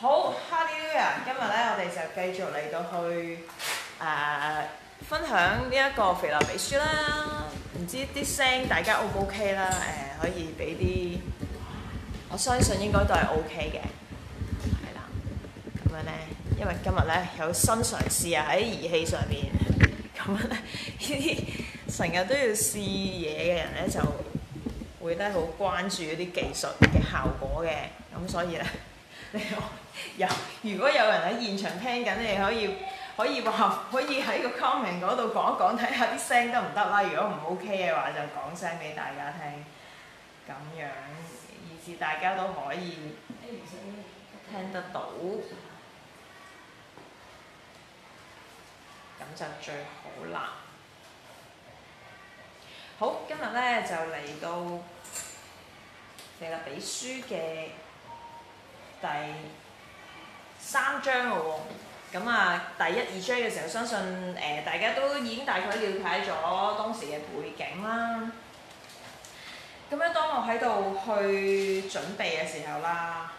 好，h 哈利路亞，今日咧我哋就繼續嚟到去誒、呃、分享呢一個腓立比書啦。唔知啲聲大家 O 唔 O K 啦？誒、呃、可以俾啲，我相信應該都係 O K 嘅，係啦。咁樣咧，因為今日咧有新嘗試啊喺儀器上面。咁咧呢啲成日都要試嘢嘅人咧就會咧好關注嗰啲技術嘅效果嘅，咁所以咧。有， 如果有人喺現場聽緊，你可以可以話可以喺個 comment 嗰度講一講，睇下啲聲得唔得啦。如果唔 OK 嘅話，就講聲俾大家聽，咁樣，以至大家都可以聽得到，咁就最好啦。好，今日呢就嚟到嚟到腓立比書嘅。第三章咯喎，咁啊，第一、二章嘅時候，相信誒大家都已經大概了解咗當時嘅背景啦。咁樣當我喺度去準備嘅時候啦，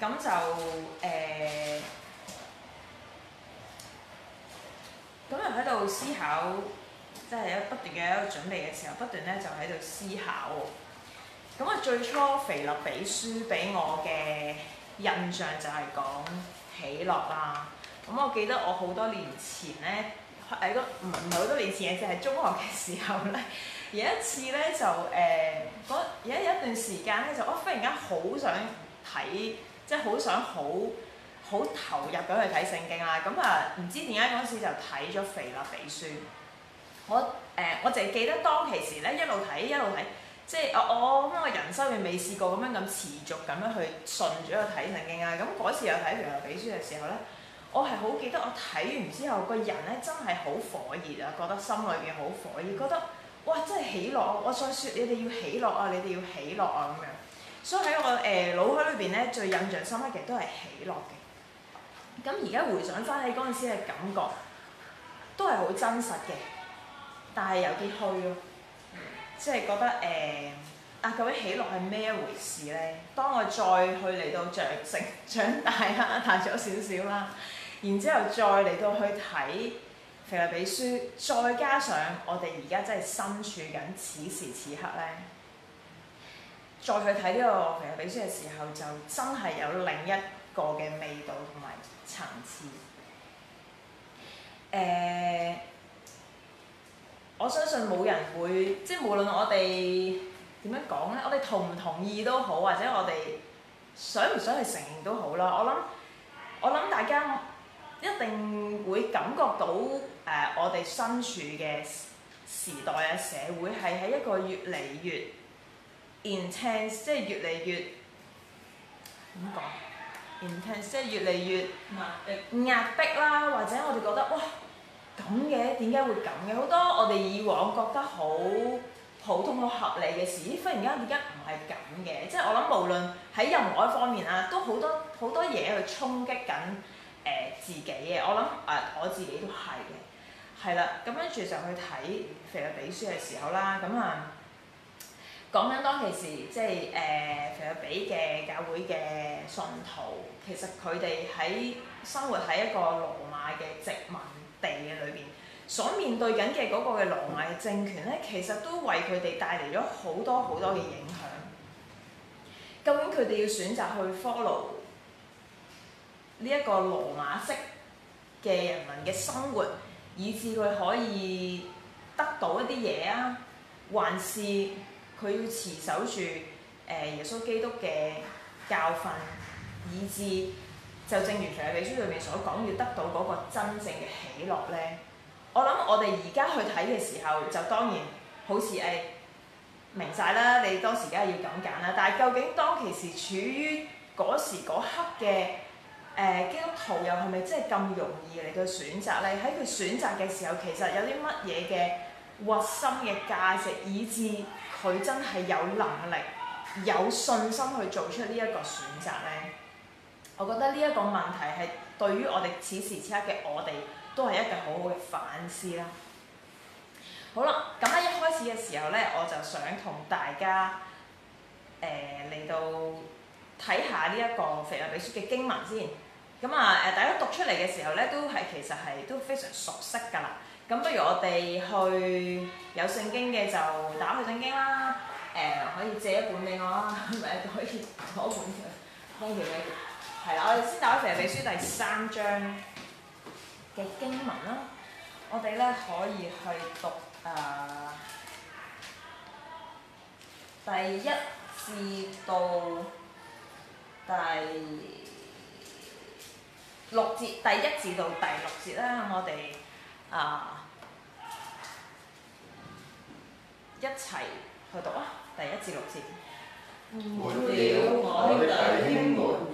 咁就誒，咁又喺度思考，即係不斷嘅一個準備嘅時候，不斷咧就喺度思考。咁啊，最初腓立比書俾我嘅印象就係講喜樂啦。咁我記得我好多年前咧，喺個唔係好多年前，亦即係中學嘅時候咧， 有一次咧就誒，嗰、呃、有有一段時間咧，就我忽然間好想睇，即係好想好好投入咁去睇聖經啦。咁啊，唔知點解嗰陣時就睇咗腓立比書。我誒、呃，我凈係記得當其時咧，一路睇一路睇。即係我我咁我人生未未試過咁樣咁持續咁樣去順住去睇聖經啊！咁嗰時又睇《腓立比書》嘅時候咧，我係好記得我睇完之後個人咧真係好火熱啊，覺得心裏邊好火熱，覺得，覺得哇真係喜樂啊！我想説你哋要喜樂啊，你哋要喜樂啊咁樣。所以喺我誒、呃、腦海裏邊咧最印象深刻其實都係喜樂嘅。咁而家回想翻起嗰陣時嘅感覺，都係好真實嘅，但係有啲虛咯。即係覺得誒、呃、啊，究竟喜樂係咩一回事咧？當我再去嚟到長成長大啦，大咗少少啦，然之後再嚟到去睇《腓立比書》，再加上我哋而家真係身處緊此時此刻咧，再去睇呢個《腓立比書》嘅時候，就真係有另一個嘅味道同埋層次誒。呃我相信冇人會，即係無論我哋點樣講咧，我哋同唔同意都好，或者我哋想唔想去承認都好啦。我諗，我諗大家一定會感覺到誒、呃，我哋身處嘅時代嘅社會係喺一個越嚟越 intense，即係越嚟越點講 intense，即係越嚟越壓迫啦，或者我哋覺得哇～咁嘅，點解會咁嘅？好多我哋以往覺得好普通、好合理嘅事，咦？忽然間點解唔係咁嘅？即係我諗，無論喺任何一方面啦，都好多好多嘢去衝擊緊誒自己嘅。我諗誒、呃，我自己都係嘅，係啦。咁跟住就去睇腓立比書嘅時候啦，咁啊講緊當其時，即係誒、呃、腓立比嘅教會嘅信徒，其實佢哋喺生活喺一個羅馬嘅殖民地嘅裏邊，所面對緊嘅嗰個嘅羅馬政權咧，其實都為佢哋帶嚟咗好多好多嘅影響。究竟佢哋要選擇去 follow 呢一個羅馬式嘅人民嘅生活，以至佢可以得到一啲嘢啊，還是佢要持守住誒耶穌基督嘅教訓，以至……就正如《聖經》裏面所講，要得到嗰個真正嘅喜樂呢。我諗我哋而家去睇嘅時候，就當然好似誒明晒啦。你當時梗係要咁揀啦。但係究竟當其時處於嗰時嗰刻嘅基督徒又係咪真係咁容易嚟到選擇呢？喺佢選擇嘅時候，其實有啲乜嘢嘅核心嘅價值，以致佢真係有能力、有信心去做出呢一個選擇呢？我覺得呢一個問題係對於我哋此時此刻嘅我哋都係一個好好嘅反思啦。好啦，咁喺一開始嘅時候咧，我就想同大家誒嚟、呃、到睇下呢一個《腓立比書》嘅經文先。咁啊誒，大家讀出嚟嘅時候咧，都係其實係都非常熟悉㗎啦。咁不如我哋去有聖經嘅就打去聖經啦。誒、呃，可以借一本俾我啦，咪 可以攞一本奉獻俾。 可係啦，我哋、嗯、先打開腓立比書第三章嘅經文啦。我哋咧可以去讀啊、呃，第一至到第六節，第一至到第六節啦、嗯。我哋啊、呃、一齊去讀啊，第一至六節。門了，我兄弟。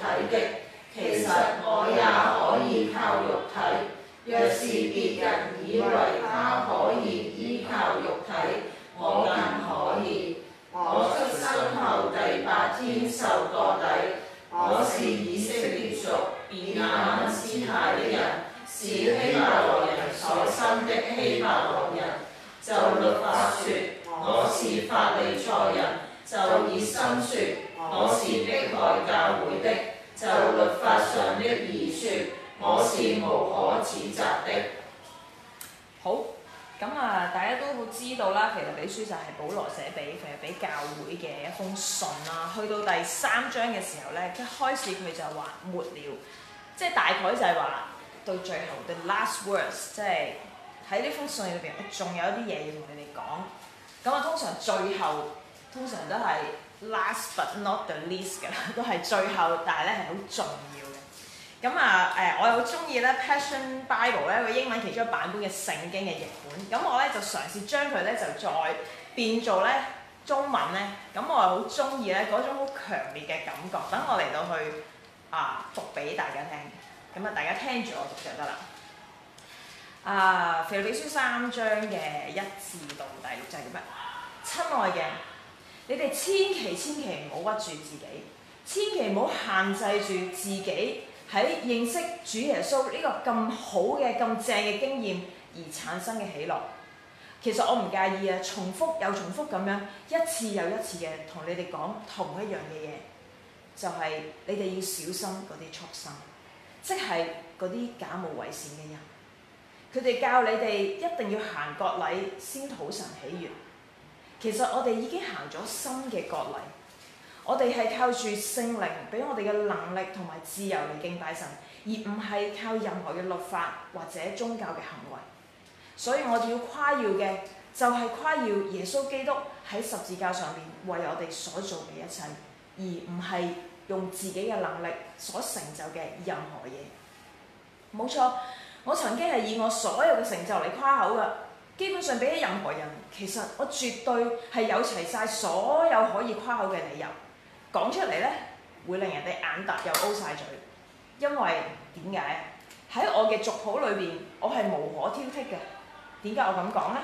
體的，其實我也可以靠肉體。若是別人以為他可以依靠肉體，我更可以。我出生後第八天受割禮。我是以色列族、便雅憫支派的人，是希伯來人所生的希伯來人。就律法說，我是法利賽人；就熱心說，我是迫害教會的。就律法上的義說，我是無可指責的。好，咁啊，大家都好知道啦，其實腓書就係保羅寫俾佢係俾教會嘅一封信啦。去到第三章嘅時候咧，一開始佢就話沒了，即係、就是、大概就係話到最後的 last words，即係喺呢封信裏邊，我仲有一啲嘢要同你哋講。咁我通常最後通常都係。Last but not the least 嘅，都係最後，但係咧係好重要嘅。咁啊誒，我又好中意咧《Passion Bible》咧個英文其中一版本嘅聖經嘅譯本。咁我咧就嘗試將佢咧就再變做咧中文咧。咁我係好中意咧嗰種好強烈嘅感覺。等我嚟到去啊讀俾大家聽。咁啊，大家聽住我讀就得啦。啊，腓立比書三章嘅一至到第六就係叫乜？親愛嘅。你哋千祈千祈唔好屈住自己，千祈唔好限制住自己喺認識主耶穌呢個咁好嘅、咁正嘅經驗而產生嘅喜樂。其實我唔介意啊，重複又重複咁樣，一次又一次嘅同你哋講，同一樣嘅嘢，就係、是、你哋要小心嗰啲畜生，即係嗰啲假冒為善嘅人。佢哋教你哋一定要行割禮先討神喜悅。其實我哋已經行咗新嘅角嚟。我哋係靠住聖靈俾我哋嘅能力同埋自由嚟敬拜神，而唔係靠任何嘅律法或者宗教嘅行為。所以我哋要誇耀嘅就係誇耀耶穌基督喺十字架上面為我哋所做嘅一切，而唔係用自己嘅能力所成就嘅任何嘢。冇錯，我曾經係以我所有嘅成就嚟誇口噶，基本上比起任何人。其實我絕對係有齊晒所有可以誇口嘅理由，講出嚟呢，會令人哋眼突又 O 晒嘴。因為點解？喺我嘅族譜裏邊，我係無可挑剔嘅。點解我咁講呢？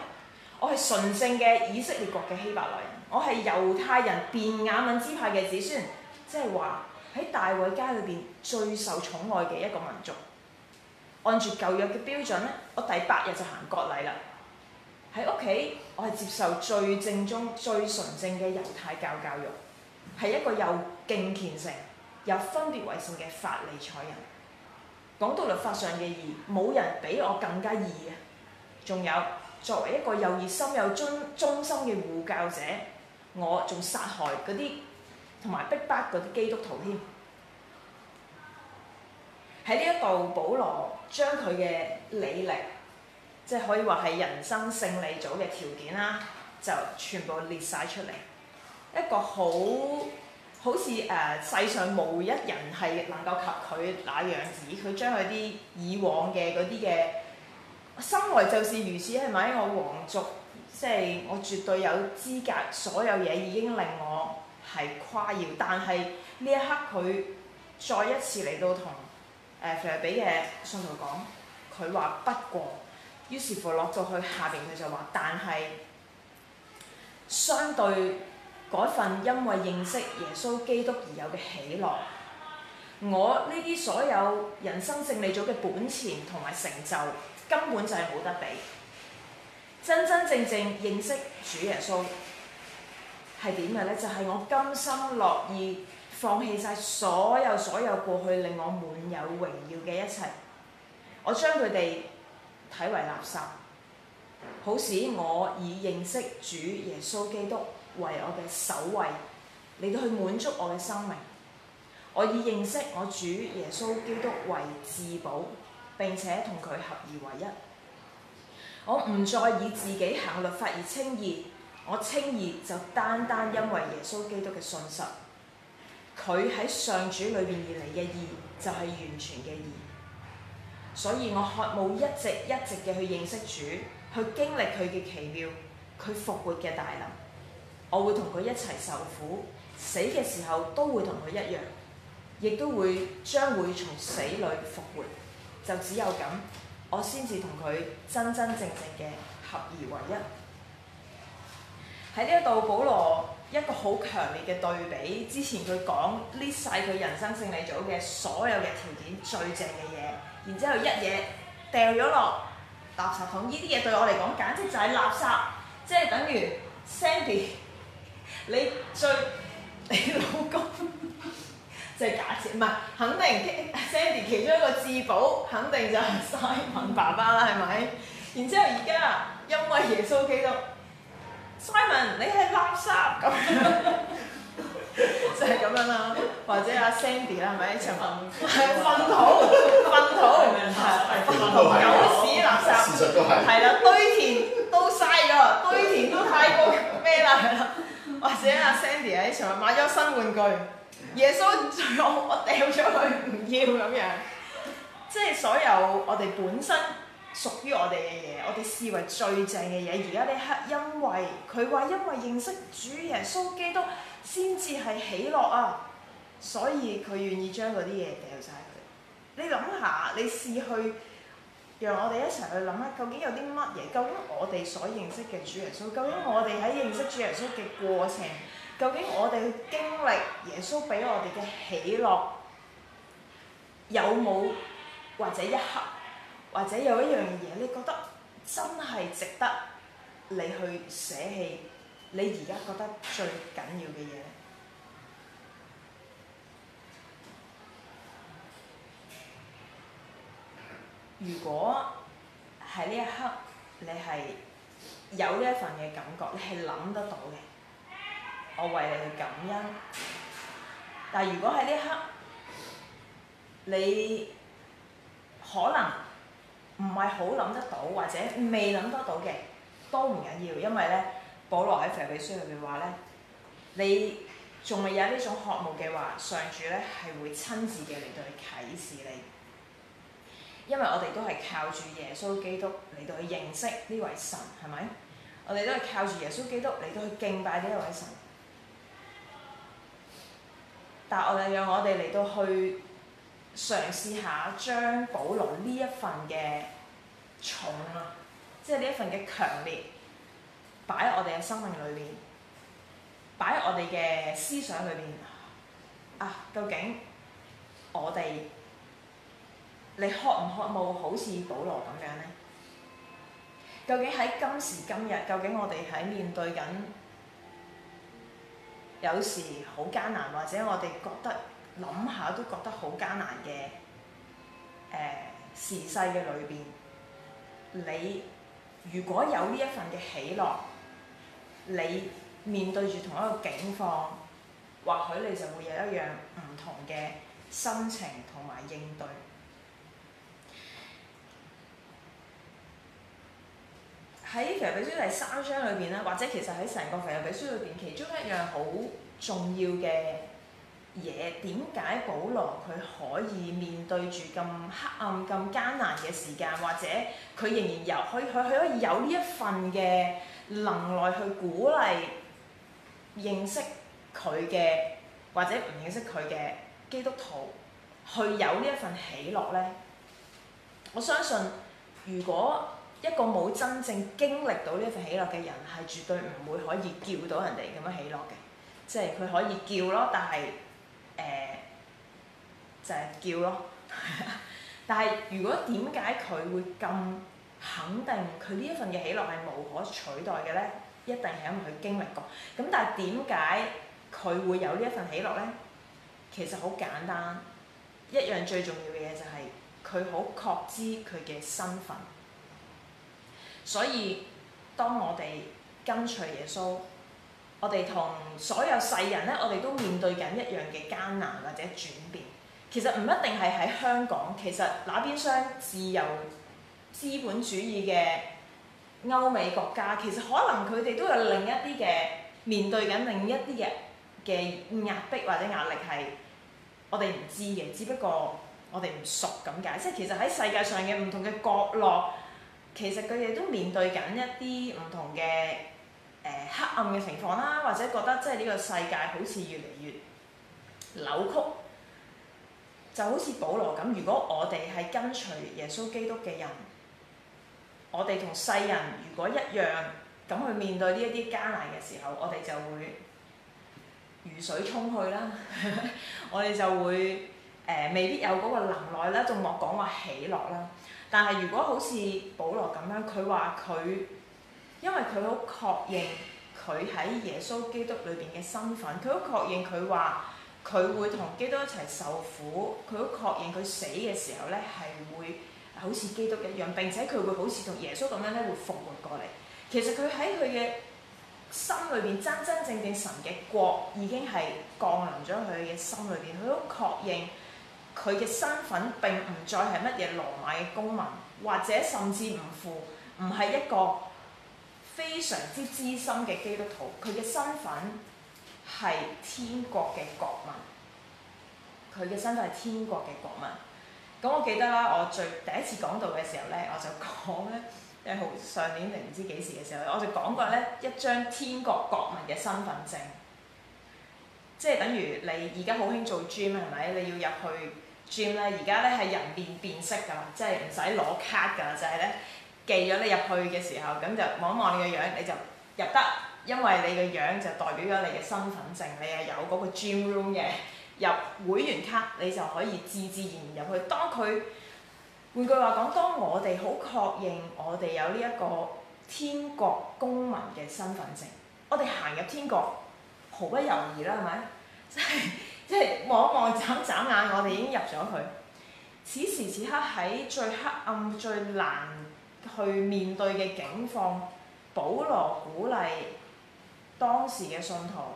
我係純正嘅以色列國嘅希伯來人，我係猶太人便雅憫支派嘅子孫，即係話喺大衞家裏邊最受寵愛嘅一個民族。按住舊約嘅標準咧，我第八日就行割禮啦。喺屋企，我係接受最正宗、最純正嘅猶太教教育，係一個有敬虔性、有分別為聖嘅法利賽人。講到律法上嘅義，冇人比我更加義嘅。仲有作為一個有熱心、有忠忠心嘅護教者，我仲殺害嗰啲同埋逼迫嗰啲基督徒添。喺呢一度，保羅將佢嘅履歷。即係可以話係人生勝利組嘅條件啦，就全部列晒出嚟。一個好好似誒，世上冇一人係能夠及佢那樣子。佢將佢啲以往嘅嗰啲嘅生來就是如此，係咪？我皇族，即係我絕對有資格，所有嘢已經令我係誇耀。但係呢一刻，佢再一次嚟到同誒腓立比嘅信徒講，佢話不過。於是乎落到去下邊，佢就話：但係相對嗰份因為認識耶穌基督而有嘅喜樂，我呢啲所有人生勝利組嘅本錢同埋成就，根本就係冇得比。真真正正認識主耶穌係點嘅呢？就係、是、我甘心樂意放棄晒所有所有過去令我滿有榮耀嘅一切，我將佢哋。睇為垃圾，好使我以認識主耶穌基督為我嘅首位，嚟到去滿足我嘅生命。我以認識我主耶穌基督為至寶，並且同佢合而為一。我唔再以自己行律法而稱義，我稱義就單單因為耶穌基督嘅信實。佢喺上主裏邊而嚟嘅義就係、是、完全嘅義。所以我渴望一直一直嘅去認識主，去經歷佢嘅奇妙，佢復活嘅大能。我會同佢一齊受苦，死嘅時候都會同佢一樣，亦都會將會從死裏復活。就只有咁，我先至同佢真真正正嘅合而為一。喺呢一度，保羅一個好強烈嘅對比，之前佢講呢晒佢人生勝利組嘅所有嘅條件，最正嘅嘢。然之後一嘢掉咗落垃圾桶，呢啲嘢對我嚟講簡直就係垃圾，即係等於 Sandy，你最，你老公即係 假設唔係，肯定 Sandy 其中一個至寶，肯定就係 Simon 爸爸啦，係咪？然之後而家因為耶穌基督，Simon 你係垃圾咁。 就係咁樣啦，或者阿 Sandy 啦，係咪？一成日係糞土、糞土，係糞土、狗屎、垃圾，都係，係啦，堆填都嘥咗，堆填都太過咩啦，係啦。或者阿 Sandy 喺成日買咗新玩具，耶穌最後，我我掉咗佢唔要咁樣。即係所有我哋本身屬於我哋嘅嘢，我哋視為最正嘅嘢，而家呢刻因為佢話因為認識主耶穌基督。先至係喜樂啊！所以佢願意將嗰啲嘢掉晒佢。你諗下，你試去讓我哋一齊去諗下，究竟有啲乜嘢？究竟我哋所認識嘅主耶穌，究竟我哋喺認識主耶穌嘅過程，究竟我哋去經歷耶穌俾我哋嘅喜樂，有冇或者一刻或者有一樣嘢，你覺得真係值得你去捨棄？你而家覺得最緊要嘅嘢，如果喺呢一刻你係有呢一份嘅感覺，你係諗得到嘅，我為你去感恩。但係如果喺呢一刻你可能唔係好諗得到，或者未諗得到嘅，都唔緊要，因為呢，保羅喺腓立比書入面話咧，你仲未有呢種渴慕嘅話，上主咧係會親自嘅嚟到去啟示你，因為我哋都係靠住耶穌基督嚟到去認識呢位神，係咪？我哋都係靠住耶穌基督嚟到去敬拜呢一位神。但係我哋讓我哋嚟到去嘗試下將保羅呢一份嘅重啊，即係呢一份嘅強烈。擺喺我哋嘅生命裏面，擺喺我哋嘅思想裏面。啊，究竟我哋你渴唔渴慕好似保羅咁樣呢？究竟喺今時今日，究竟我哋喺面對緊有時好艱難，或者我哋覺得諗下都覺得好艱難嘅誒、呃、時勢嘅裏邊，你如果有呢一份嘅喜樂？你面對住同一個境況，或許你就會有一樣唔同嘅心情同埋應對。喺《肥肉秘書》第三章裏邊啦，或者其實喺成個《肥肉秘書》裏邊，其中一樣好重要嘅嘢，點解保羅佢可以面對住咁黑暗、咁艱難嘅時間，或者佢仍然又可佢佢可以有呢一份嘅？能來去鼓勵認識佢嘅，或者唔認識佢嘅基督徒去有呢一份喜樂呢？我相信如果一個冇真正經歷到呢份喜樂嘅人係絕對唔會可以叫到人哋咁樣喜樂嘅。即係佢可以叫咯，但係誒、呃、就係、是、叫咯。 但係如果點解佢會咁？肯定佢呢一份嘅喜樂係無可取代嘅咧，一定係因為佢經歷過。咁但係點解佢會有呢一份喜樂呢？其實好簡單，一樣最重要嘅嘢就係佢好確知佢嘅身份。所以當我哋跟隨耶穌，我哋同所有世人咧，我哋都面對緊一樣嘅艱難或者轉變。其實唔一定係喺香港，其實那邊廂自由。資本主義嘅歐美國家，其實可能佢哋都有另一啲嘅面對緊另一啲嘅嘅壓迫或者壓力係我哋唔知嘅，只不過我哋唔熟咁解。即係其實喺世界上嘅唔同嘅角落，其實佢哋都面對緊一啲唔同嘅誒、呃、黑暗嘅情況啦，或者覺得即係呢個世界好似越嚟越扭曲，就好似保羅咁。如果我哋係跟隨耶穌基督嘅人。我哋同世人如果一樣咁去面對呢一啲艱難嘅時候，我哋就會如水沖去啦。 我哋就會誒、呃、未必有嗰個能耐啦，仲莫講話喜樂啦。但係如果好似保羅咁樣，佢話佢因為佢好確認佢喺耶穌基督裏邊嘅身份，佢好確認佢話佢會同基督一齊受苦，佢好確認佢死嘅時候咧係會。好似基督一樣，並且佢會好似同耶穌咁樣咧，會復活過嚟。其實佢喺佢嘅心裏邊，真真正正神嘅國已經係降臨咗佢嘅心裏邊。佢都確認佢嘅身份並唔再係乜嘢羅馬嘅公民，或者甚至唔符，唔係一個非常之資深嘅基督徒。佢嘅身份係天國嘅國民。佢嘅身份係天國嘅國民。咁我記得啦，我最第一次講到嘅時候咧，我就講咧，誒好上年定唔知幾時嘅時候，我就講過咧一張天國國民嘅身份證，即係等於你而家好興做 gym 係咪？你要入去 gym 咧，而家咧係人面辨識㗎，即係唔使攞卡㗎，就係咧寄咗你入去嘅時候，咁就望一望你嘅樣，你就入得，因為你嘅樣就代表咗你嘅身份證，你係有嗰個 gym room 嘅。入會員卡，你就可以自自然然入去。當佢換句話講，當我哋好確認我哋有呢一個天國公民嘅身份證，我哋行入天國毫不猶豫啦，係咪？即係即係望一望眨眨眼，我哋已經入咗去。此時此刻喺最黑暗、最難去面對嘅境況，保羅鼓勵當時嘅信徒。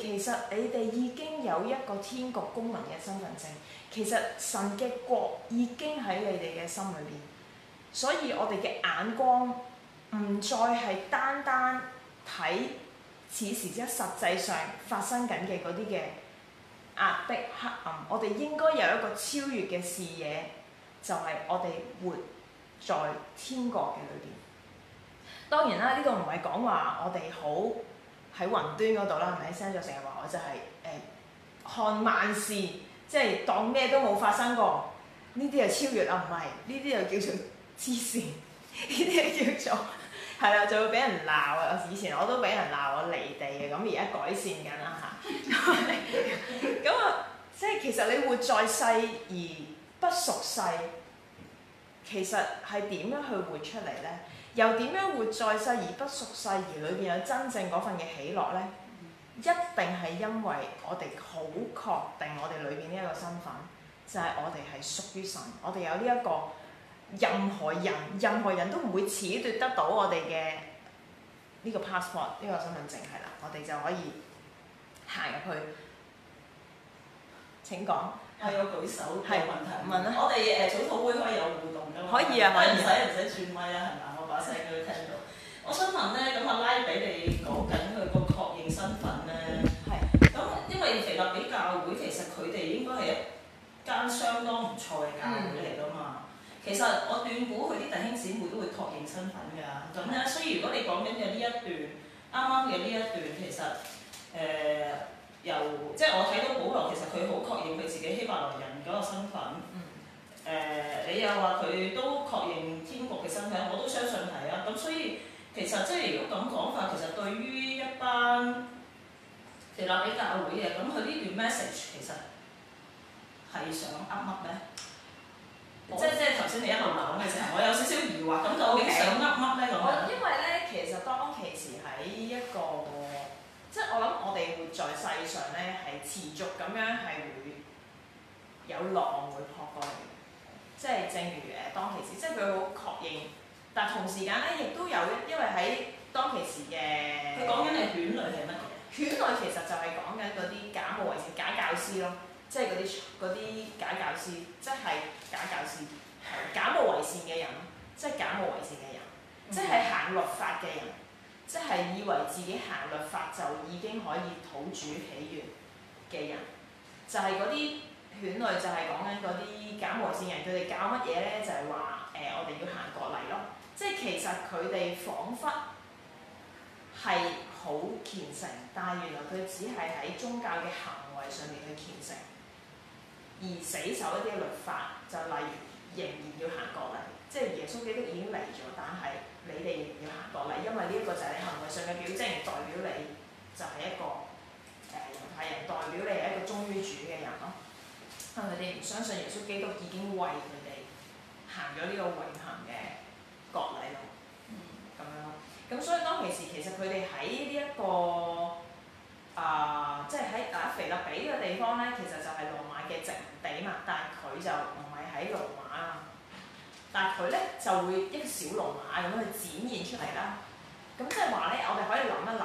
其實你哋已經有一個天國公民嘅身份證，其實神嘅國已經喺你哋嘅心裏邊，所以我哋嘅眼光唔再係單單睇此時即實際上發生緊嘅嗰啲嘅壓迫黑暗，我哋應該有一個超越嘅視野，就係我哋活在天國嘅裏邊。當然啦，呢個唔係講話我哋好。喺雲端嗰度啦，係咪？send 咗成日話我就係、是、誒、欸、看萬事，即係當咩都冇發生過。呢啲係超越啊，唔係呢啲就叫做黐線，呢啲係叫做係啦，就 會俾人鬧啊！以前我都俾人鬧我離地嘅，咁而家改善緊啦嚇。咁 啊， 即係其實你活在世而不屬世，其實係點樣去活出嚟咧？又點樣活在世而不屬世？而裏邊有真正嗰份嘅喜樂呢？一定係因為我哋好確定我哋裏邊呢一個身份，就係我哋係屬於神，我哋有呢、這、一個任何人任何人都唔會褫奪得到我哋嘅呢個 passport，呢個身份證係、嗯、啦，我哋就可以行入去。請講，我舉是是手有問題，是問啦吧。我哋誒早禱會可以有互動噶嘛？是可以啊，可以唔使唔使轉咪啊，係咪？我都聽到。我想問咧，咁阿拉比你講緊佢個確認身份咧？係、嗯。咁因為腓立比教會其實佢哋應該係一間相當唔錯嘅教會嚟噶嘛。嗯、其實我斷估佢啲弟兄姊妹都會確認身份㗎。咁咧，所以如果你講緊嘅呢一段，啱啱嘅呢一段其實誒、呃、由，即係我睇到保羅其實佢好確認佢自己希伯來人嗰個身份。嗯誒、呃，你又話佢都確認天國嘅身體，我都相信係啊。咁所以其實即係如果咁講法，其實對於一班腓立比教會嘅，咁佢呢段 message 其實係想呃乜咧？即即係頭先你一路講嘅啫。 我有少少疑惑，咁究竟想呃乜咧？咁啊？因為咧，其實當其時喺一個即係我諗，我哋活在世上咧，係持續咁樣係會有浪會撲過嚟。即係正如誒當其時，即係佢好確認，但同時間咧亦都有，因為喺當其時嘅。佢講緊係犬類係乜？犬類其實就係講緊嗰啲假冒偽善、假教師咯，即係嗰啲啲假教師，即係假教師，假冒偽善嘅人，即係假冒偽善嘅人，mm hmm. 人，即係行律法嘅人，即係以為自己行律法就已經可以討主喜悅嘅人，就係嗰啲。犬類就係講緊嗰啲假摩西人，佢哋教乜嘢咧？就係話誒，我哋要行割禮咯。即係其實佢哋仿佛係好虔誠，但係原來佢只係喺宗教嘅行為上面去虔誠，而死守一啲律法，就例如仍然要行割禮，即係耶穌基督已經嚟咗，但係你哋仍然要行割禮。因為呢一個就係你行為上嘅表徵，代表你就係一個誒猶太人，代表你係一個忠於主嘅人咯。佢哋唔相信耶穌基督已經為佢哋行咗呢個永恆嘅國禮咯，咁、嗯、樣，咁所以當其時其實佢哋喺呢一個啊，即係喺啊腓立比呢個地方咧，其實就係羅馬嘅殖民地嘛，但係佢就唔係喺羅馬，但係佢咧就會一個小羅馬咁樣去展現出嚟啦。咁即係話咧，我哋可以諗一諗，誒、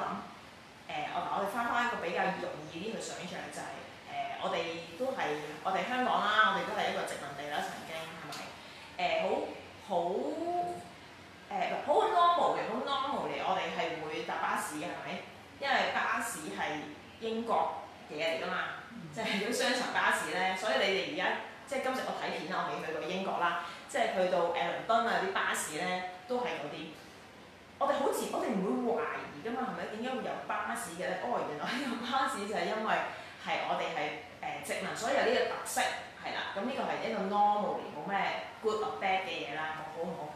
呃，我我哋翻翻一個比較容易啲去想像就係、是。我哋都係，我哋香港啦，我哋都係一個殖民地啦，曾經係咪？誒、欸，好，好，誒、欸，唔，好 normal 嘅，好 normal 嘅，我哋係會搭巴士嘅，係咪？因為巴士係英國嘅嘢嚟㗎嘛，就係啲雙層巴士咧，所以你哋而家即係今朝我睇片啦，我未去過英國啦，即係去到誒倫敦啦，啲巴士咧都係嗰啲。我哋好似，我哋唔會懷疑㗎嘛，係咪？點解會有巴士嘅咧？哦，原來有巴士就係因為係我哋係。誒、呃、殖民，所以有呢個特色係啦。咁呢個係一個 normal 而冇咩 good or bad 嘅嘢啦，好唔好？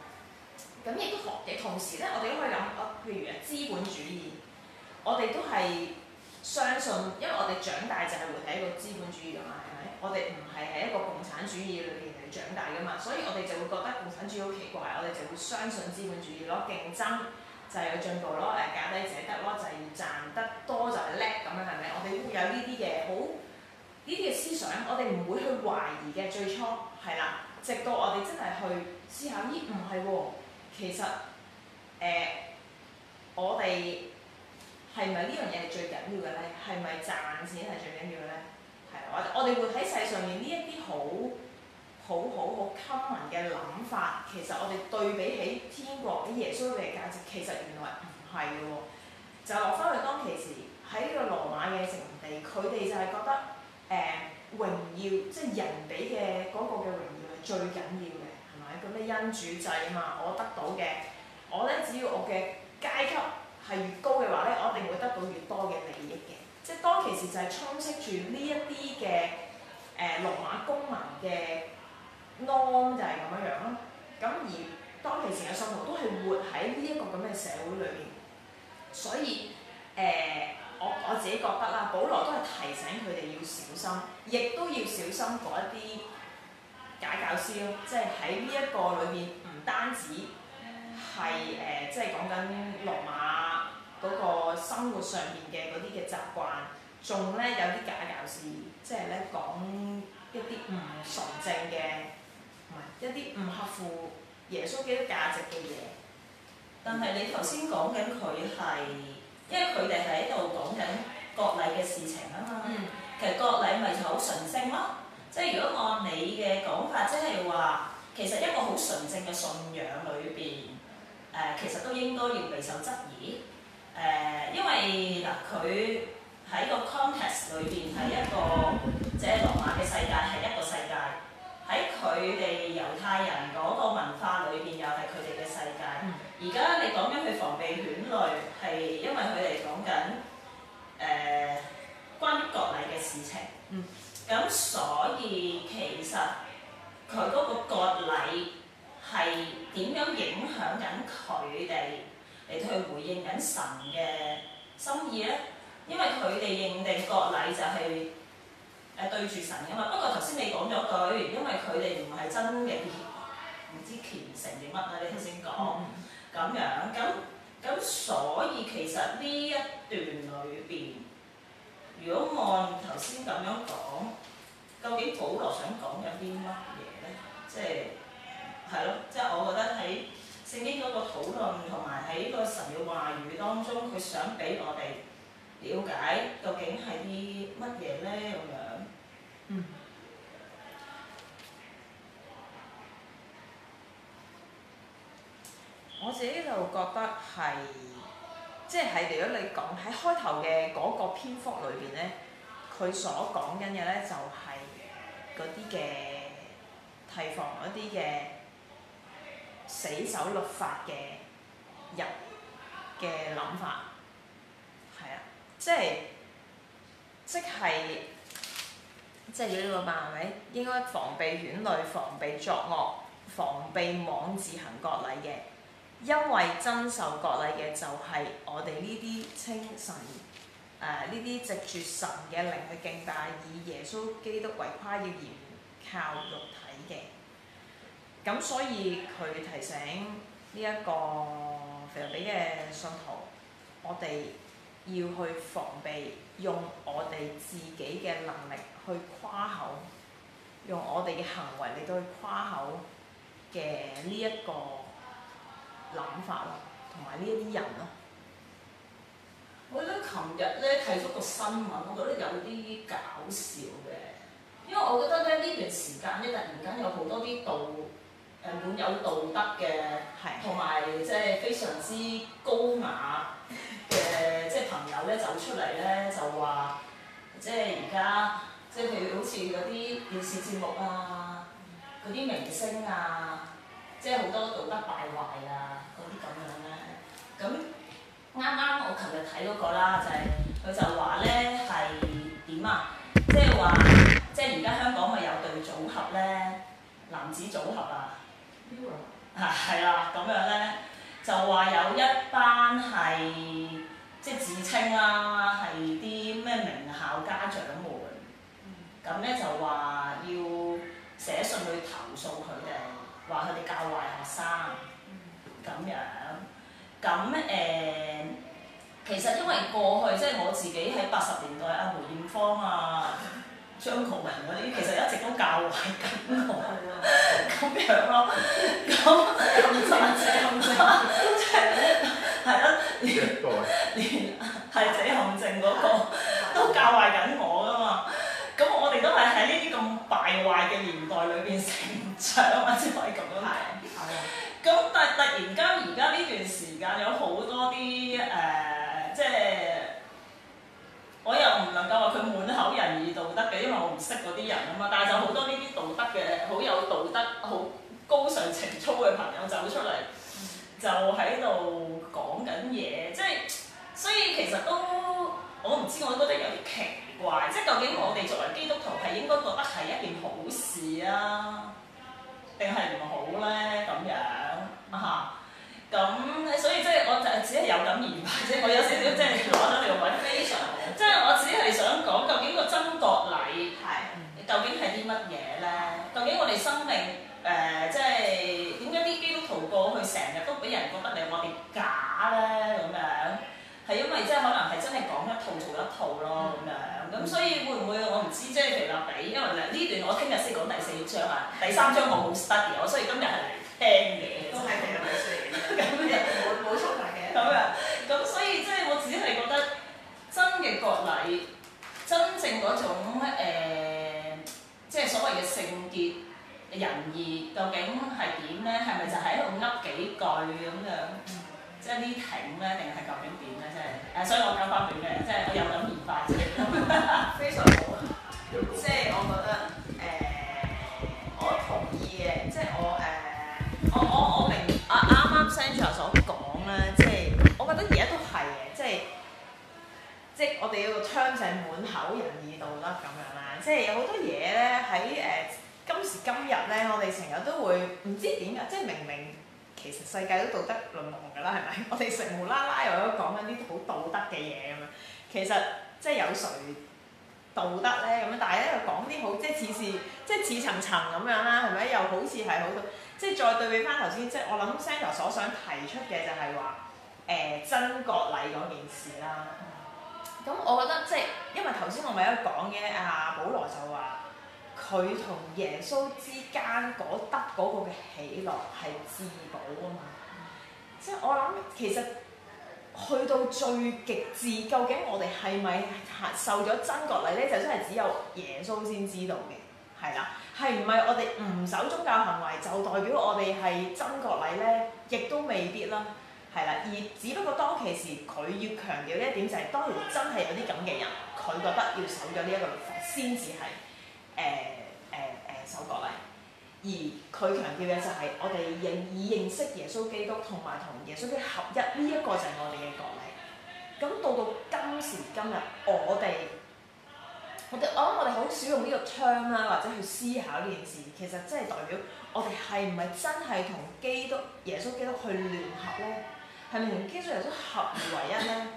咁亦都同，嘅、嗯。同時咧，我哋都可以諗啊。譬如啊，資本主義，我哋都係相信，因為我哋長大就係活喺一個資本主義啊嘛，係咪？我哋唔係喺一個共產主義裏邊嚟長大噶嘛，所以我哋就會覺得共產主義好奇怪，我哋就會相信資本主義咯。競爭就係有進步咯，誒，價低者得咯，就係、是、要賺得多就係叻咁啊，係咪？我哋會有呢啲嘅好。呢啲嘅思想，我哋唔會去懷疑嘅。最初係啦，直到我哋真係去思考，咦，唔係喎，其實，誒、呃，我哋係咪呢樣嘢係最緊要嘅咧？係咪賺錢係最緊要咧？係啊，我我哋會喺世上面呢一啲好好好好 common 嘅諗法，其實，我哋對比起天國啲耶穌嘅價值，其實原來唔係嘅喎，就落翻去當其時，喺呢個羅馬嘅殖民地，佢哋就係覺得。誒榮、呃、耀，即係人俾嘅嗰個嘅榮耀係最緊要嘅，係咪？咁你恩主制啊嘛，我得到嘅，我咧只要我嘅階級係越高嘅話咧，我一定會得到越多嘅利益嘅。即係當其時就係充斥住呢一啲嘅誒羅馬公民嘅 norm 就係咁樣樣咯。咁而當其時嘅信徒都係活喺呢一個咁嘅社會裏面，所以誒。呃我我自己覺得啦，保羅都係提醒佢哋要小心，亦都要小心嗰一啲假教師，即係喺呢一個裏面，唔單止係誒、呃，即係講緊羅馬嗰個生活上面嘅嗰啲嘅習慣，仲咧有啲假教師，即係咧講一啲唔純正嘅，唔係一啲唔合乎耶穌基督價值嘅嘢。但係你頭先講緊佢係。因為佢哋係喺度講緊國禮嘅事情啊嘛，其實國禮咪就好純正咯。即係如果按你嘅講法，即係話，其實一個好純正嘅信仰裏邊，誒、呃、其實都應該要備受質疑。誒、呃、因為嗱佢喺個 context 裏邊係一個即係羅馬嘅世界係一個世界，喺佢哋猶太人個文化裏邊。而家你講緊去防備犬類，係因為佢哋講緊誒關於割禮嘅事情。嗯。咁所以其實佢嗰個割禮係點樣影響緊佢哋嚟到去回應緊神嘅心意咧？因為佢哋認定割禮就係誒對住神噶嘛。不過頭先你講咗句，因為佢哋唔係真嘅，唔知虔誠定乜啦。你頭先講。咁樣咁咁，所以其實呢一段裏邊，如果按頭先咁樣講，究竟保羅想講有啲乜嘢咧？即係係咯，即係、就是、我覺得喺聖經嗰個討論同埋喺個神嘅話語當中，佢想俾我哋了解究竟係啲乜嘢咧？咁樣嗯。我自己就覺得係即係，如果你講喺開頭嘅嗰個篇幅裏邊咧，佢所講緊嘅咧就係嗰啲嘅提防嗰啲嘅死守律法嘅人嘅諗法係啊，即係即係即係你啲老闆，係咪應該防備犬類、防備作惡、防備妄自行割禮嘅？因為真受割禮嘅就係我哋呢啲清神誒，呢啲藉著神嘅靈力敬拜，以耶穌基督為誇耀而唔靠肉體嘅。咁所以佢提醒呢、這、一個腓立比嘅信徒，我哋要去防備用我哋自己嘅能力去誇口，用我哋嘅行為嚟到去誇口嘅呢一個。諗法咯，同埋呢一啲人咯。我覺得琴日咧睇咗個新聞，我覺得有啲搞笑嘅，因為我覺得咧呢段、這個、時間咧突然間有好多啲道誒、呃、滿有道德嘅，同埋即係非常之高雅嘅，即係 朋友咧走出嚟咧就話，即係而家即係譬如好似嗰啲電視節目啊，嗰啲明星啊。即係好多道德敗壞啊，嗰啲咁樣咧。咁啱啱我琴日睇嗰個啦，就係，佢就話咧係點啊？即係話，即係而家香港咪有對組合咧，男子組合啊。Yeah. 啊，係啦。咁樣咧就話有一班係，即係自稱啊，係啲咩名校家長們，咁咧，mm hmm. 就話要寫信去投訴佢嘅。話佢哋教壞學生，咁樣，咁誒、欸、其實因為過去即係我自己喺八十年代阿梅艷芳啊、張國榮啲，其實一直都教壞緊我、， 那個、我，咁樣咯，咁謝杏靜，謝杏，即係係咯，連係謝杏靜嗰個都教壞緊我。都係喺呢啲咁敗壞嘅年代裏邊成長，或者可以咁都係。係啊 。咁但係突然間而家呢段時間有好多啲誒、呃，即係我又唔能夠話佢滿口仁義道德嘅，因為我唔識嗰啲人啊嘛。但係就好多呢啲道德嘅，好有道德、好高尚情操嘅朋友走出嚟，就喺度講緊嘢，即係所以其實都我唔知，我都覺得有啲奇。怪，即係究竟我哋作為基督徒係應該覺得係一件好事啊，定係唔好咧咁樣啊？咁、嗯、所以即係我就係只係有感而發啫。即我有少少即係攞咗你個位，非常 即係我只係想講，究竟個真國禮係究竟係啲乜嘢咧？嗯、究竟我哋生命誒、呃、即係點解啲基督徒過去成日都俾人覺得你我哋假咧咁樣？係因為即係可能係真係講一套做一套咯咁、嗯、樣。咁、嗯、所以會唔會我唔知，即係腓立比，因為呢段我聽日先講第四章啊，第三章我冇 study，我 那 所以今日係嚟聽嘅。都係第四，咁又冇冇出埋嘅。咁啊，咁所以即係我只係覺得真嘅割禮，真正嗰種、呃、即係所謂嘅聖潔仁義，究竟係點咧？係咪就喺度噏幾句咁樣？嗯即係啲挺咧，定係究竟點咧？即係誒，所以我咁發短嘅，即係我有咁變化先，非常好。即係我覺得誒，呃、我同意嘅。即係我誒、呃，我我我明啊啱啱 Central 所講啦，即係我覺得而家都係嘅。即係即係我哋要槍仗滿口仁義道德咁樣啦。即係有好多嘢咧喺誒今時今日咧，我哋成日都會唔知點解，即係明明。其實世界都道德淪亡㗎啦，係咪？我哋成無啦啦又有講緊啲好道德嘅嘢咁樣，其實即係有誰道德咧咁樣？但係咧又講啲好，即係似是即係似層層咁樣啦，係咪？又好似係好即係再對比翻頭先，即係我諗 e 頭所想提出嘅就係話誒曾國禮嗰件事啦。咁我覺得即係因為頭先我咪有講嘅阿保羅就話。佢同耶穌之間嗰得嗰個嘅喜樂係至寶啊嘛，即係我諗其實去到最極致，究竟我哋係咪受咗真割禮咧？就真係只有耶穌先知道嘅，係啦，係唔係我哋唔守宗教行為就代表我哋係真割禮咧？亦都未必啦，係啦，而只不過當其時佢要強調一點就係、是，當然真係有啲咁嘅人，佢覺得要守咗呢一個律法先至係。誒誒誒守割禮，而佢強調嘅就係我哋認認識耶穌基督同埋同耶穌基督合一，呢、這、一個就係我哋嘅割禮。咁到到今時今日，我哋我哋我諗我哋好少用呢個槍啦，或者去思考呢件事，其實真係代表我哋係唔係真係同基督耶穌基督去聯合咧？係咪同耶穌基督合而為一咧？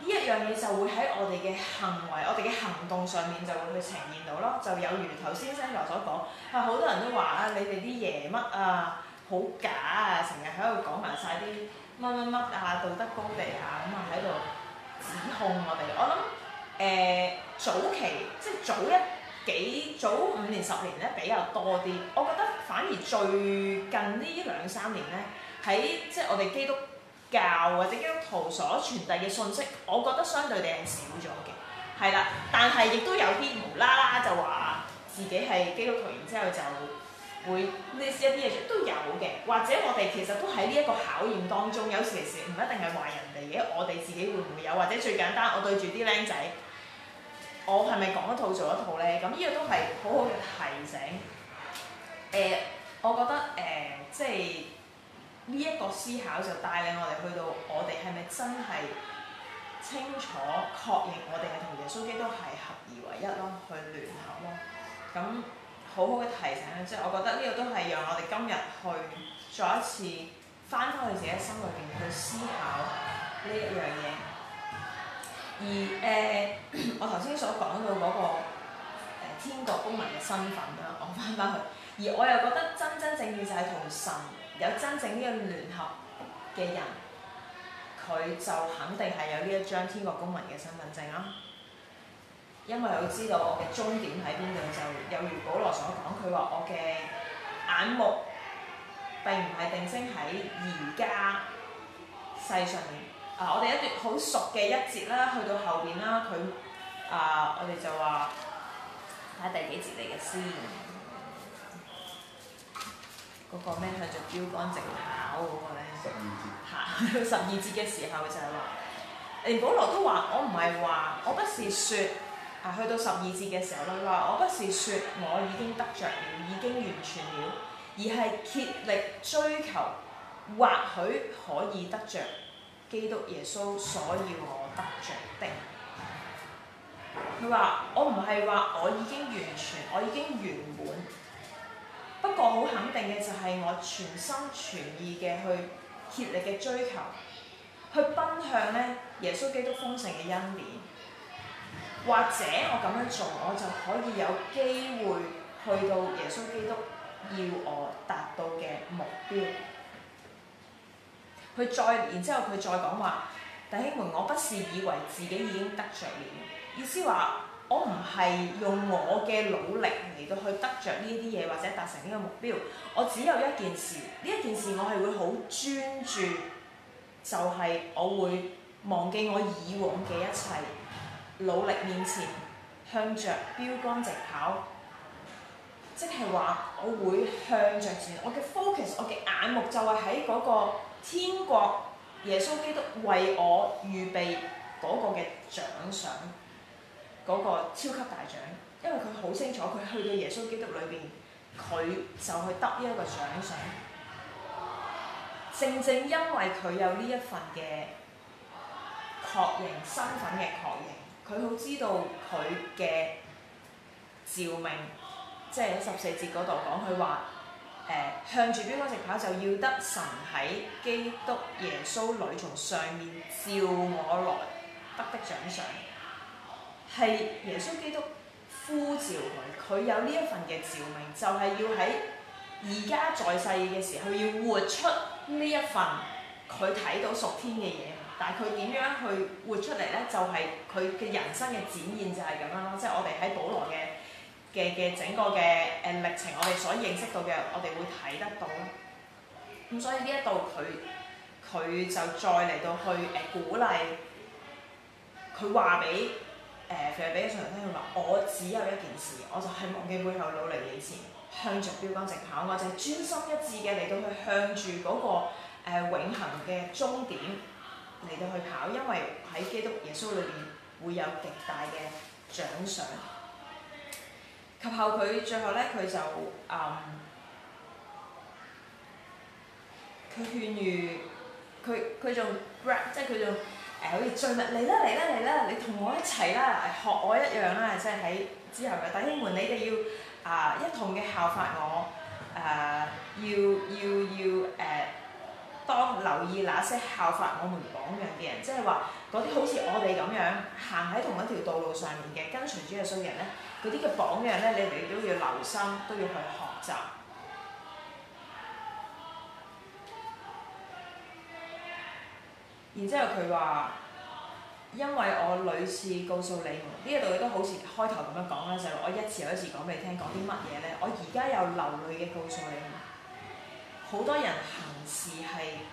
呢一樣嘢就會喺我哋嘅行為、我哋嘅行動上面就會去呈現到咯，就有如頭先生由所講，係、啊、好多人都話啦，你哋啲嘢乜啊，好假啊，成日喺度講埋晒啲乜乜乜啊，道德高地啊，咁啊喺度指控我哋。我諗誒、呃、早期即係早一幾早五年十年咧比較多啲，我覺得反而最近呢兩三年咧喺即係我哋基督。教或者張圖所傳遞嘅信息，我覺得相對地係少咗嘅，係啦。但係亦都有啲無啦啦就話自己係基督徒，然之後就會呢啲一啲嘢都有嘅。或者我哋其實都喺呢一個考驗當中，有時其實唔一定係話人哋嘅。我哋自己會唔會有？或者最簡單，我對住啲僆仔，我係咪講一套做一套咧？咁呢個都係好好嘅提醒。誒、呃，我覺得誒、呃，即係。呢一個思考就帶領我哋去到，我哋係咪真係清楚確認我哋係同耶穌基督係合而為一咯，去聯合咯，咁好好嘅提醒啦，即係我覺得呢個都係讓我哋今日去再一次翻返去自己心裏邊去思考呢一樣嘢，而誒、呃， 我頭先所講到嗰個呃天國公民嘅身份啦，我翻返去，而我又覺得真真正正就係同神。有真正呢個聯合嘅人，佢就肯定係有呢一張天國公民嘅身份證囉。因為佢知道我嘅終點喺邊度，就有如保羅所講，佢話我嘅眼目並唔係定睛喺而家世上面。啊，我哋一段好熟嘅一節啦，去到後邊啦，佢啊，我哋就話睇下第幾節嚟嘅先。嗰個咩向著標竿直跑嗰個咧？去到十二節嘅 時候就係話，連保羅都話：我唔係話，我不是說，不是說啊，去到十二節嘅時候咧話，我不是說我已經得着了，已經完全了，而係竭力追求，或許可以得着基督耶穌所要我得着的。佢話：我唔係話我已經完全，我已經完滿。不過好肯定嘅就係我全心全意嘅去竭力嘅追求，去奔向咧耶穌基督豐盛嘅恩典，或者我咁樣做，我就可以有機會去到耶穌基督要我達到嘅目標。佢再然之後佢再講話，弟兄們，我不是以為自己已經得著了，意思話。我唔係用我嘅努力嚟到去得着呢啲嘢或者達成呢個目標，我只有一件事，呢一件事我係會好專注，就係、是、我會忘記我以往嘅一切努力面前，向着標杆直跑，即係話我會向着前我嘅 focus，我嘅眼目就係喺嗰個天國耶穌基督為我預備嗰個嘅獎賞。嗰個超級大獎，因為佢好清楚，佢去到耶穌基督裏邊，佢就去得呢一個獎賞。正正因為佢有呢一份嘅確認身份嘅確認，佢好知道佢嘅召命，即係喺十四節嗰度講佢話，誒、呃、向住標竿直跑就要得神喺基督耶穌裏從上面召我來得的獎賞。係耶穌基督呼召佢，佢有呢一份嘅召命，就係、是、要喺而家在世嘅時候，要活出呢一份佢睇到屬天嘅嘢。但係佢點樣去活出嚟咧？就係佢嘅人生嘅展現就，就係咁樣咯。即係我哋喺保羅嘅嘅嘅整個嘅誒歷程，我哋所認識到嘅，我哋會睇得到。咁、嗯、所以呢一度佢佢就再嚟到去誒、呃、鼓勵佢話俾。誒、呃，其實俾啲信徒聽佢話，我只有一件事，我就係忘記背後，努力面前，向着標竿直跑，我就係專心一致嘅嚟到去向住嗰、那個、呃、永恆嘅終點嚟到去跑，因為喺基督耶穌裏邊會有極大嘅獎賞。及後佢最後咧，佢就誒，佢、嗯、勸喻佢佢仲即係佢仲。誒好似罪物嚟啦嚟啦嚟啦！你同我一齊啦，學我一樣啦，即係喺之後嘅弟兄們，你哋要啊、呃、一同嘅效法我誒、呃，要要要誒、呃，當留意那些效法我們榜樣嘅人，即係話嗰啲好似我哋咁樣行喺同一條道路上面嘅跟隨主嘅信人咧，嗰啲嘅榜樣咧，你哋都要留心，都要去學習。然之後佢話：因為我屢次告訴你，呢一度亦都好似開頭咁樣講啦，就係我一次又一次講俾你聽，講啲乜嘢咧？我而家又流淚嘅告訴你，好多人行事係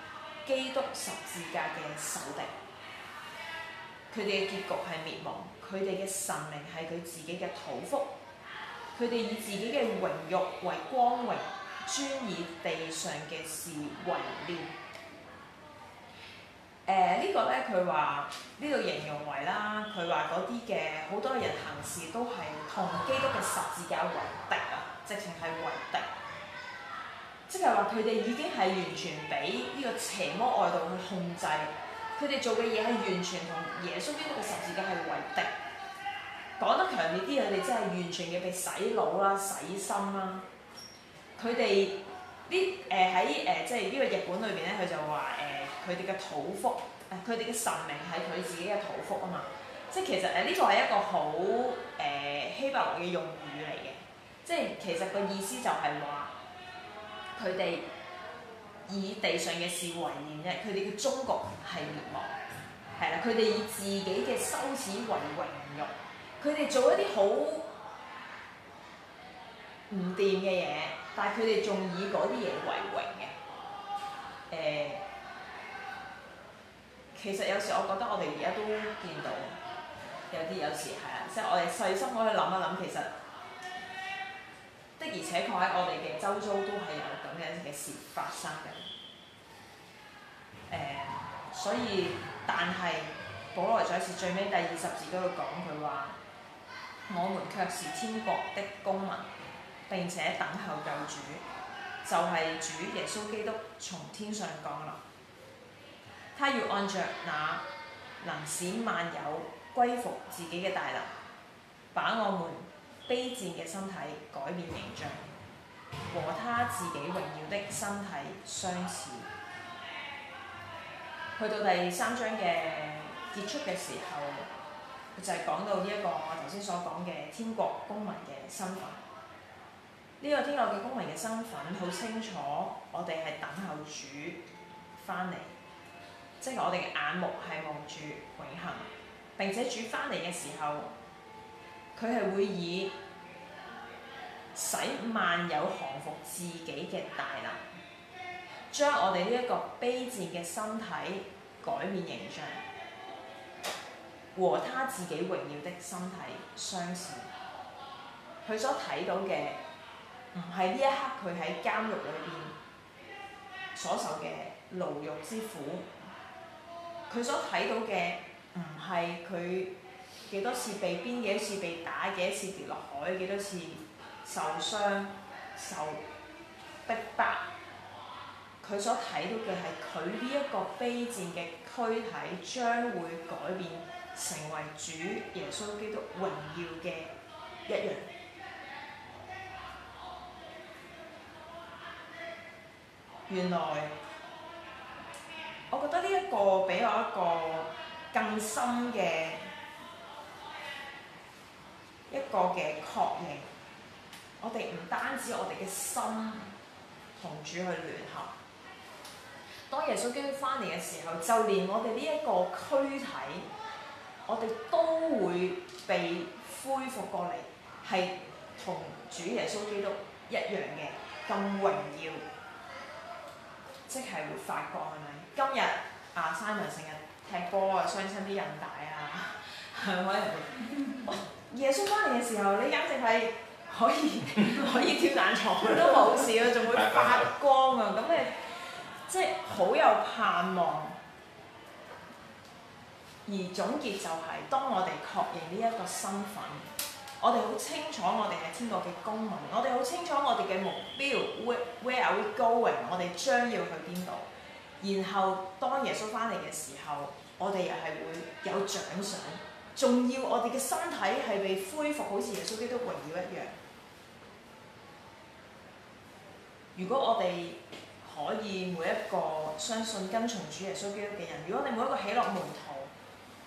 基督十字架嘅仇敵，佢哋嘅結局係滅亡，佢哋嘅神靈係佢自己嘅肚腹，佢哋以自己嘅榮辱為光榮，專以地上嘅事為念。誒、呃這個、呢個咧，佢話呢個形容為啦，佢話嗰啲嘅好多人行事都係同基督嘅十字架為敵啊，直情係為敵，即係話佢哋已經係完全俾呢個邪魔外道去控制，佢哋做嘅嘢係完全同耶穌基督嘅十字架係為敵。講得強烈啲，佢哋真係完全嘅被洗腦啦、洗心啦。佢哋呢誒喺誒即係呢個日本裏邊咧，佢就話誒。呃佢哋嘅肚腹，誒佢哋嘅神明係佢自己嘅肚腹啊嘛，即係其實誒呢個係一個好誒、呃、希伯來嘅用語嚟嘅，即係其實個意思就係話佢哋以地上嘅事為念啫，佢哋嘅中國係滅亡，係啦，佢哋以自己嘅羞恥為榮辱。佢哋做一啲好唔掂嘅嘢，但係佢哋仲以嗰啲嘢為榮嘅，誒、呃。其實有時我覺得我哋而家都見到有啲有時係啊，即係我哋細心可以諗一諗，其實的而且確喺我哋嘅周遭都係有咁樣嘅事發生嘅，嗯。所以但係，保羅在是最尾第二十節嗰度講佢話：我們卻是天國的公民，並且等候救主，就係主耶穌基督從天上降落。他要按著那能使萬有歸服自己嘅大能，把我們卑賤嘅身體改變形象，和他自己榮耀的身體相似。去到第三章嘅結束嘅時候，就係講到呢一個我頭先所講嘅天國公民嘅身份。呢、這個天國嘅公民嘅身份好清楚，我哋係等候主翻嚟。即係我哋嘅眼目係望住永恆，並且煮翻嚟嘅時候，佢係會以使萬有降服自己嘅大能，將我哋呢一個卑賤嘅身體改變形象，和他自己榮耀嘅身體相似。佢所睇到嘅唔係呢一刻佢喺監獄裏邊所受嘅牢獄之苦。佢所睇到嘅唔係佢幾多次被邊，幾次被打，幾多次跌落海，幾多次受傷受逼迫，佢所睇到嘅係佢呢一個卑賤嘅軀體將會改變成為主耶穌基督榮耀嘅一樣，原來。我覺得呢一個俾我一個更深嘅一個嘅確認。我哋唔單止我哋嘅心同主去聯合，當耶穌基督翻嚟嘅時候，就連我哋呢一個軀體，我哋都會被恢復過嚟，係同主耶穌基督一樣嘅咁榮耀，即係會發光，係咪？今日啊，山人成日踢波啊，傷親啲韌帶啊，係咪啊？耶穌返嚟嘅時候，你簡直係可以可以跳彈床都冇事啊，仲會發光啊！咁你即係好有盼望。而總結就係，當我哋確認呢一個身份，我哋好清楚我哋係天國嘅公民，我哋好清楚我哋嘅目標，Where are we going？我哋將要去邊度？然後當耶穌翻嚟嘅時候，我哋又係會有獎賞，仲要我哋嘅身體係被恢復，好似耶穌基督榮耀一樣。如果我哋可以每一個相信跟從主耶穌基督嘅人，如果你每一個喜樂門徒，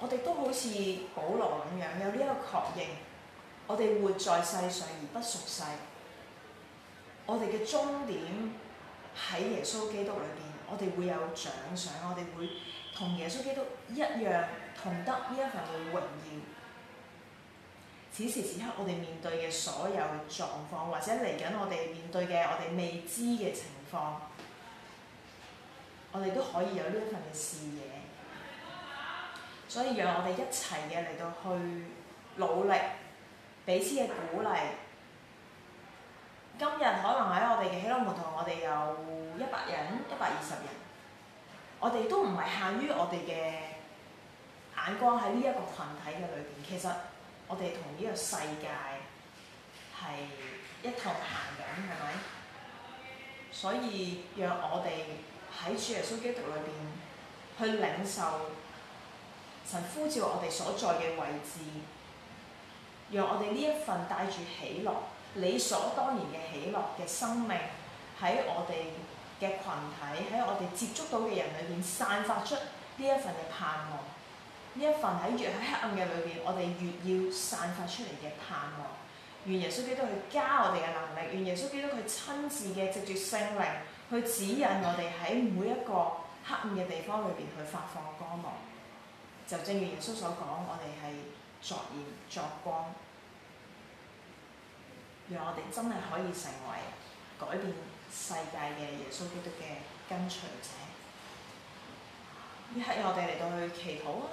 我哋都好似保羅咁樣有呢一個確認，我哋活在世上而不屬世，我哋嘅終點喺耶穌基督裏邊。我哋會有獎賞，我哋會同耶穌基督一樣，同得呢一份嘅榮耀。此時此刻，我哋面對嘅所有狀況，或者嚟緊我哋面對嘅我哋未知嘅情況，我哋都可以有呢一份嘅視野。所以，讓我哋一齊嘅嚟到去努力，彼此嘅鼓勵。今日可能喺我哋嘅喜樂門堂，我哋有一百人、一百二十人。我哋都唔係限於我哋嘅眼光喺呢一個群體嘅裏邊，其實我哋同呢個世界係一同行緊，係咪？所以讓我哋喺主耶穌基督裏邊去領受神呼召我哋所在嘅位置，讓我哋呢一份帶住喜樂。理所當然嘅喜樂嘅生命，喺我哋嘅群體，喺我哋接觸到嘅人裏邊，散發出呢一份嘅盼望，呢一份喺越喺黑暗嘅裏邊，我哋越要散發出嚟嘅盼望。願耶穌基督去加我哋嘅能力，願耶穌基督佢親自嘅藉住聖靈去指引我哋喺每一個黑暗嘅地方裏邊去發放光芒。就正如耶穌所講，我哋係作鹽作光。讓我哋真係可以成為改變世界嘅耶穌基督嘅跟隨者。呢刻我哋嚟到去祈禱啊！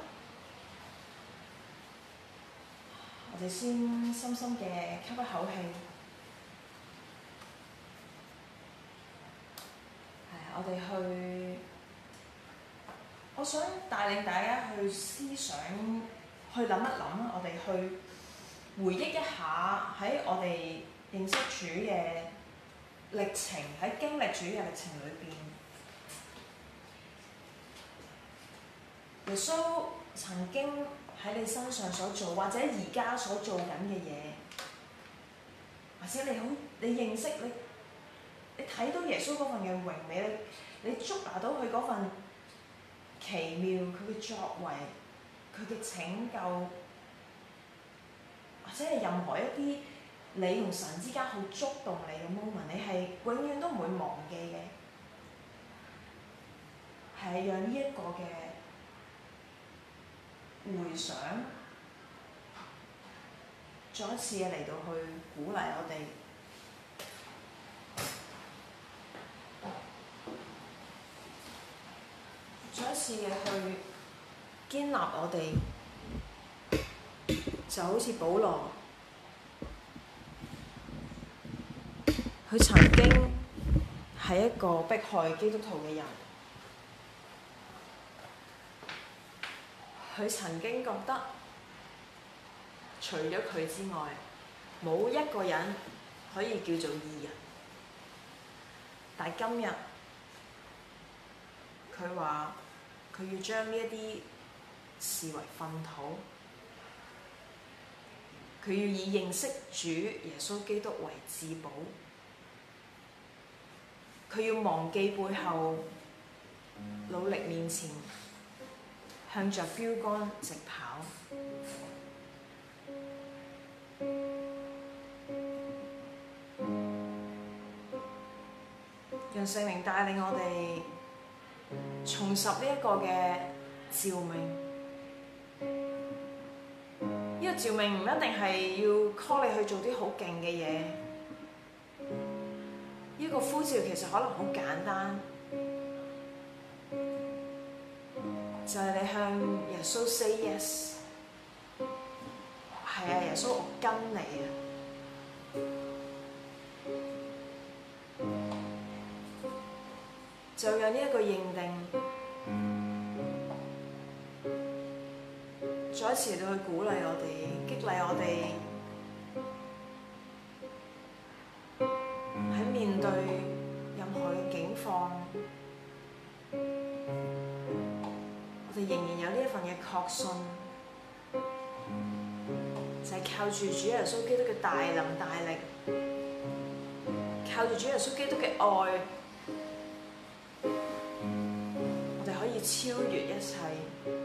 我哋先深深嘅吸一口氣，係啊！我哋去，我想帶領大家去思想，去諗一諗。我哋去。回憶一下喺我哋認識主嘅歷程，喺經歷主嘅歷程裏邊，耶穌曾經喺你身上所做，或者而家所做緊嘅嘢，或者你好你認識你，你睇到耶穌嗰份嘅榮美，你你觸達到佢嗰份奇妙，佢嘅作為，佢嘅拯救。或者係任何一啲你同神之間好觸動你嘅 moment，你係永遠都唔會忘記嘅，係讓呢一個嘅回想，再一次嘅嚟到去鼓勵我哋，再一次嘅去堅立我哋。就好似保羅，佢曾經係一個迫害基督徒嘅人，佢曾經覺得除咗佢之外，冇一個人可以叫做義人。但今日佢話佢要將呢一啲視為糞土。佢要以認識主耶穌基督為至寶，佢要忘記背後，努力面前，向着標竿直跑，讓聖靈帶領我哋重拾呢一個嘅照明。召命唔一定係要 call 你去做啲好勁嘅嘢，呢個呼召其實可能好簡單，就係你向耶穌 say yes，係啊，耶穌我跟你啊，就有呢一個認定。再一次嚟到去鼓勵我哋，激勵我哋喺面對任何嘅境況，我哋仍然有呢一份嘅確信，就係、是、靠住主耶穌基督嘅大能大力，靠住主耶穌基督嘅愛，我哋可以超越一切。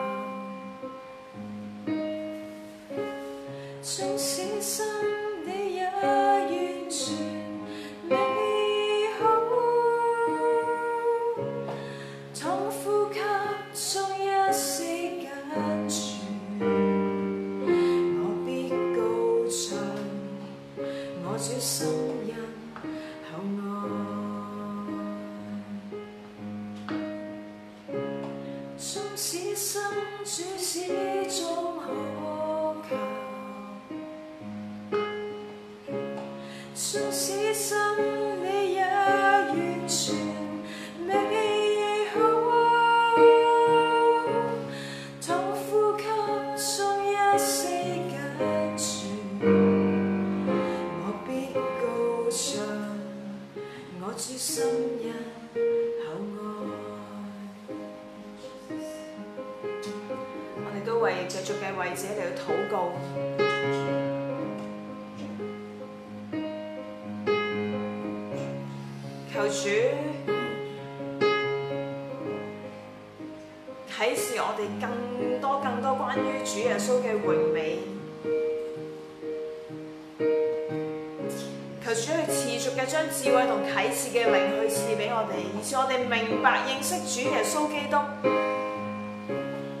而且我哋明白認識主耶穌基督，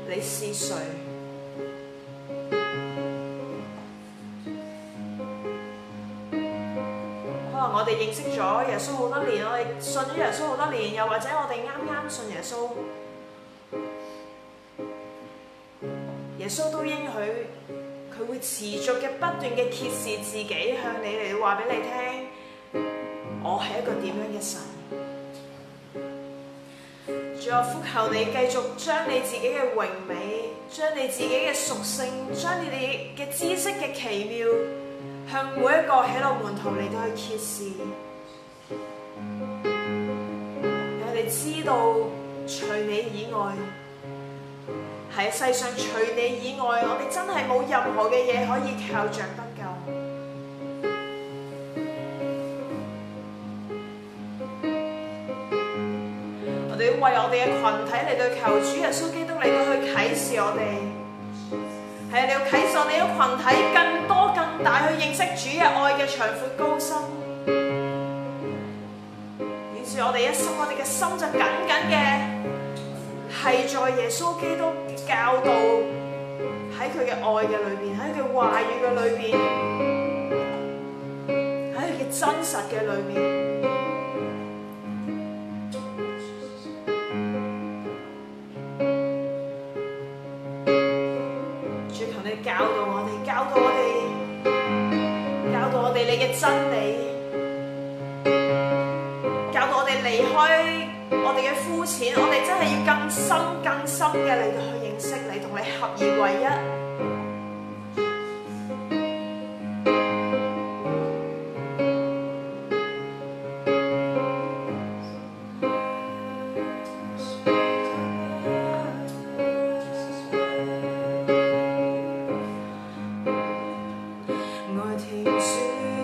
你是誰？可能我哋認識咗耶穌好多年，我哋信咗耶穌好多年，又或者我哋啱啱信耶穌，耶穌都應許佢會持續嘅不斷嘅揭示自己向你嚟話俾你聽，我係一個點樣嘅神？我呼求你繼續將你自己嘅榮美，將你自己嘅屬性，將你哋嘅知識嘅奇妙，向每一個喜樂門徒嚟到去揭示，讓佢哋我哋知道除你以外，喺世上除你以外，我哋真係冇任何嘅嘢可以靠着。為我哋嘅群體嚟到求主耶穌基督嚟到去啟示我哋，係要啟示我哋嘅群體更多更大去認識主嘅愛嘅長闊高深，以致我哋一生，我哋嘅心就緊緊嘅係在耶穌基督教導喺佢嘅愛嘅裏邊，喺佢話語嘅裏邊，喺佢真實嘅裏面。教導我哋，教導我哋，教導我哋你嘅真理，教導我哋離開我哋嘅膚淺，我哋真係要更深、更深嘅嚟到去認識你，同你合而為一。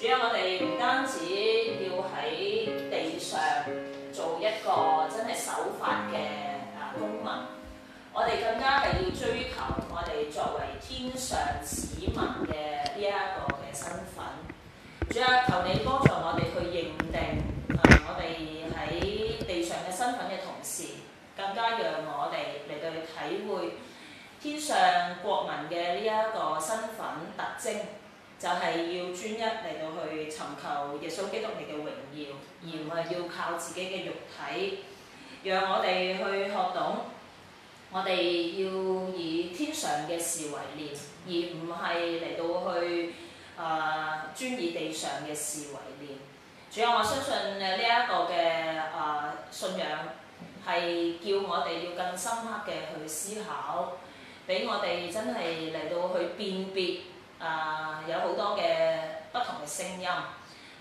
主啊，我哋唔單止要喺地上做一個真係守法嘅啊公民，我哋更加係要追求我哋作為天上市民嘅呢一個嘅身份。主啊，求你幫助我哋去認定我哋喺地上嘅身份嘅同時，更加讓我哋嚟到去體會天上國民嘅呢一個身份特徵。就係要專一嚟到去尋求耶穌基督嚟嘅榮耀，而唔係要靠自己嘅肉體。讓我哋去學懂，我哋要以天上嘅事為念，而唔係嚟到去啊專、呃、以地上嘅事為念。主要我相信呢一個嘅啊、呃、信仰係叫我哋要更深刻嘅去思考，俾我哋真係嚟到去辨別。啊！Uh, 有好多嘅不同嘅聲音，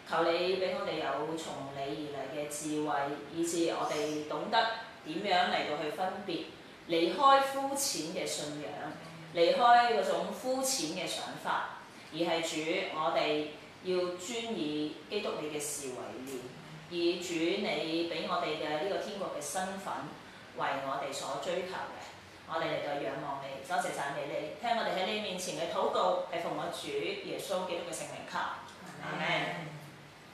求你俾我哋有從你而嚟嘅智慧，以至我哋懂得點樣嚟到去分別，離開膚淺嘅信仰，離開嗰種膚淺嘅想法，而係主我哋要專以基督你嘅事為念，以主你俾我哋嘅呢個天國嘅身份為我哋所追求。我哋嚟到仰望你，多謝曬你，聽我哋喺你面前嘅禱告，係奉我主耶穌基督嘅聖名卡。係咪？